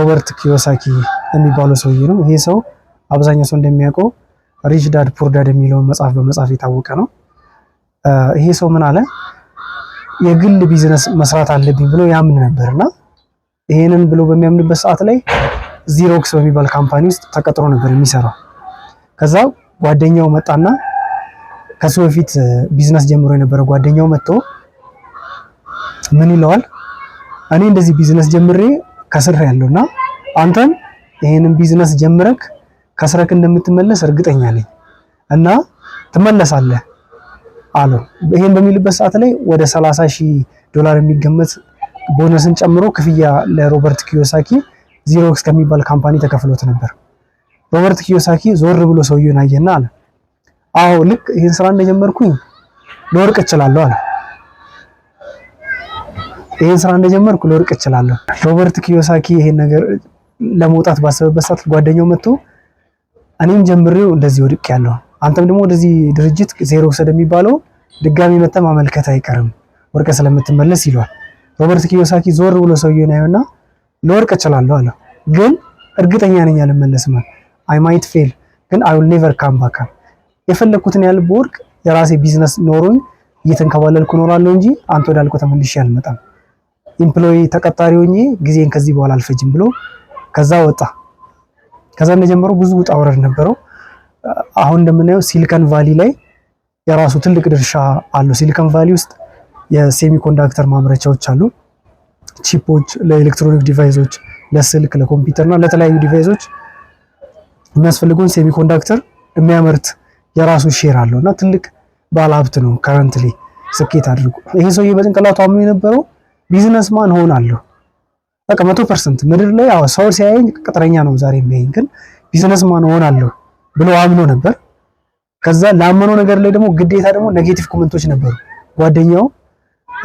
ሮበርት ኪዮሳኪ የሚባለው ሰውዬ ነው። ይሄ ሰው አብዛኛው ሰው እንደሚያውቀው ሪች ዳድ ፑር ዳድ የሚለውን መጽሐፍ በመጽሐፍ የታወቀ ነው። ይሄ ሰው ምን አለ፣ የግል ቢዝነስ መስራት አለብኝ ብሎ ያምን ነበርና ይሄንን ብሎ በሚያምንበት ሰዓት ላይ ዚሮክስ በሚባል ካምፓኒ ውስጥ ተቀጥሮ ነበር የሚሰራው። ከዛ ጓደኛው መጣና ከሱ በፊት ቢዝነስ ጀምሮ የነበረ ጓደኛው መጥቶ ምን ይለዋል፣ እኔ እንደዚህ ቢዝነስ ጀምሬ ከስር ያለው እና አንተም ይሄንን ቢዝነስ ጀምረክ ከስረክ እንደምትመለስ እርግጠኛ ነኝ እና ትመለሳለህ አለው። ይሄን በሚልበት ሰዓት ላይ ወደ 30 ሺህ ዶላር የሚገመት ቦነስን ጨምሮ ክፍያ ለሮበርት ኪዮሳኪ ዚሮክስ ከሚባል ካምፓኒ ተከፍሎት ነበር። ሮበርት ኪዮሳኪ ዞር ብሎ ሰውየውን አየና አለ፣ አዎ ልክ ይህን ስራ እንደጀመርኩኝ ለወርቅ እችላለሁ አለ። ይህን ስራ እንደጀመርኩ ልወርቅ እችላለሁ። ሮበርት ኪዮሳኪ ይሄን ነገር ለመውጣት ባሰበበት ሰዓት ጓደኛው መጥቶ እኔም ጀምሬው እንደዚህ ወድቅ ያለው አንተም ደግሞ ወደዚህ ድርጅት ዜሮ ውሰድ የሚባለው ድጋሚ መተህ ማመልከት አይቀርም ወርቀ ስለምትመለስ ይሏል። ሮበርት ኪዮሳኪ ዞር ብሎ ሰውዬውን አየውና ልወርቅ እችላለሁ አለ፣ ግን እርግጠኛ ነኝ አልመለስም። አይ ማይት ፌል ግን አይ ዊል ኔቨር ካም ባካ የፈለግኩትን ያህል የራሴ ቢዝነስ ኖሮኝ እየተንከባለልኩ እኖራለሁ እንጂ አንተ ወዳልከው ተመልሼ አልመጣም። ኢምፕሎይ ተቀጣሪ ሆኜ ጊዜን ከዚህ በኋላ አልፈጅም ብሎ ከዛ ወጣ። ከዛ እንደጀመረው ብዙ ውጣ ውረድ ነበረው። አሁን እንደምናየው ሲሊከን ቫሊ ላይ የራሱ ትልቅ ድርሻ አለው። ሲሊከን ቫሊ ውስጥ የሴሚኮንዳክተር ማምረቻዎች አሉ። ቺፖች ለኤሌክትሮኒክ ዲቫይሶች፣ ለስልክ፣ ለኮምፒውተር እና ለተለያዩ ዲቫይሶች የሚያስፈልገውን ሴሚኮንዳክተር የሚያመርት የራሱ ሼር አለው እና ትልቅ ባለሀብት ነው። ከረንትሊ ስኬት አድርጎ ይሄ ሰውዬ በጭንቅላቱ አምኖ የነበረው ቢዝነስማን ሆናለሁ። በቃ መቶ ፐርሰንት ምድር ላይ አዎ ሰው ሲያየኝ ቅጥረኛ ነው ዛሬ የሚያየኝ፣ ግን ቢዝነስማን ሆናለሁ ብሎ አምኖ ነበር። ከዛ ላመነው ነገር ላይ ደግሞ ግዴታ ደግሞ ኔጌቲቭ ኮመንቶች ነበሩ። ጓደኛው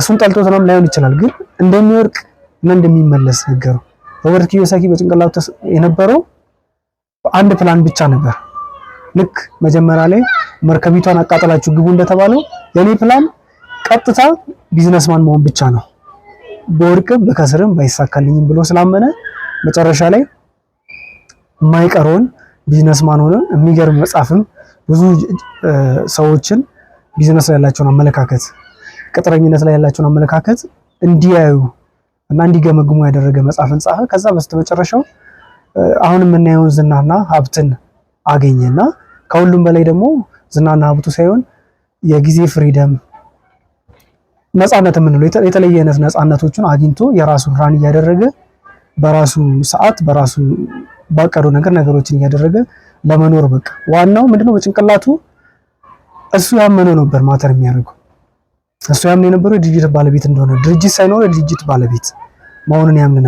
እሱን ጠልቶት ነው ላይሆን ይችላል፣ ግን እንደሚወርቅ እና እንደሚመለስ ነገሩ። ሮበርት ኪዮሳኪ በጭንቅላቱ የነበረው አንድ ፕላን ብቻ ነበር። ልክ መጀመሪያ ላይ መርከቢቷን አቃጠላችሁ ግቡ እንደተባለው የኔ ፕላን ቀጥታ ቢዝነስማን መሆን ብቻ ነው። በወርቅም በከስርም ባይሳካልኝም ብሎ ስላመነ መጨረሻ ላይ የማይቀረውን ቢዝነስማን ሆነ የሚገርም መጽሐፍም ብዙ ሰዎችን ቢዝነስ ላይ ያላቸውን አመለካከት፣ ቅጥረኝነት ላይ ያላቸውን አመለካከት እንዲያዩ እና እንዲገመግሙ ያደረገ መጽሐፍን ጻፈ። ከዛ በስተመጨረሻው አሁን የምናየውን ዝናና ሀብትን አገኘና ከሁሉም በላይ ደግሞ ዝናና ሀብቱ ሳይሆን የጊዜ ፍሪደም ነፃነት የምንለው የተለየ አይነት ነፃነቶችን አግኝቶ የራሱን ራን እያደረገ በራሱ ሰዓት በራሱ ባቀደው ነገር ነገሮችን እያደረገ ለመኖር በቃ ዋናው ምንድነው በጭንቅላቱ እሱ ያመነው ነበር ማተር የሚያደርገው እሱ ያምን የነበረው የድርጅት ባለቤት እንደሆነ ድርጅት ሳይኖረው የድርጅት ባለቤት መሆኑን ያምን ነበር።